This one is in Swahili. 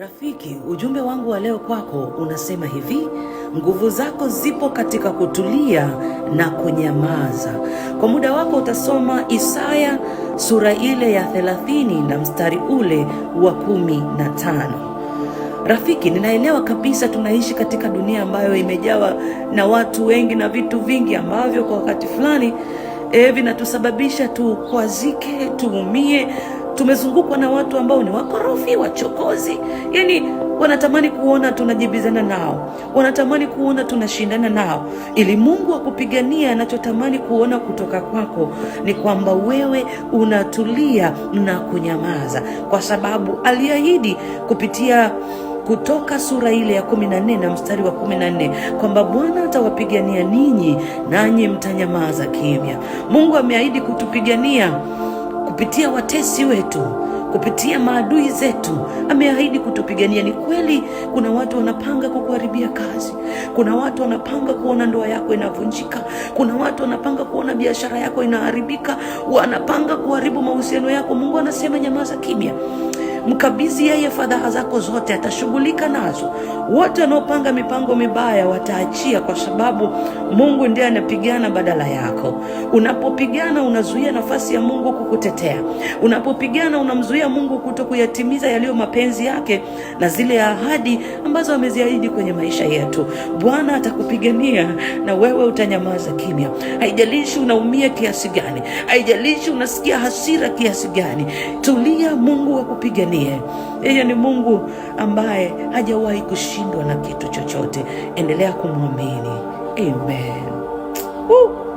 Rafiki, ujumbe wangu wa leo kwako unasema hivi: nguvu zako zipo katika kutulia na kunyamaza. Kwa muda wako utasoma Isaya sura ile ya 30 na mstari ule wa kumi na tano. Rafiki, ninaelewa kabisa tunaishi katika dunia ambayo imejawa na watu wengi na vitu vingi ambavyo kwa wakati fulani eh, vinatusababisha tukwazike, tuumie Tumezungukwa na watu ambao ni wakorofi, wachokozi, yani wanatamani kuona tunajibizana nao, wanatamani kuona tunashindana nao, ili Mungu akupigania. Anachotamani kuona kutoka kwako ni kwamba wewe unatulia na kunyamaza, kwa sababu aliahidi kupitia kutoka sura ile ya kumi na nne na mstari wa kumi na nne kwamba Bwana atawapigania ninyi nanyi mtanyamaza kimya. Mungu ameahidi kutupigania kupitia watesi wetu, kupitia maadui zetu, ameahidi kutupigania. Ni kweli, kuna watu wanapanga kukuharibia kazi, kuna watu wanapanga kuona ndoa yako inavunjika, kuna watu wanapanga kuona biashara yako inaharibika, wanapanga kuharibu mahusiano yako. Mungu anasema nyamaza kimya mkabizi yeye fadhaa zako zote, atashughulika nazo. Wote wanaopanga mipango mibaya wataachia, kwa sababu Mungu ndiye anapigana badala yako. Unapopigana unazuia nafasi ya Mungu kukutetea. Unapopigana unamzuia Mungu kuto kuyatimiza yaliyo mapenzi yake na zile ahadi ambazo ameziahidi kwenye maisha yetu. Bwana atakupigania na wewe utanyamaza kimya. Haijalishi unaumia kiasi gani, haijalishi unasikia hasira kiasi gani, tulia, Mungu akupigania tuambinie. Yeye ni Mungu ambaye hajawahi kushindwa na kitu chochote. Endelea kumwamini. Amen. Woo!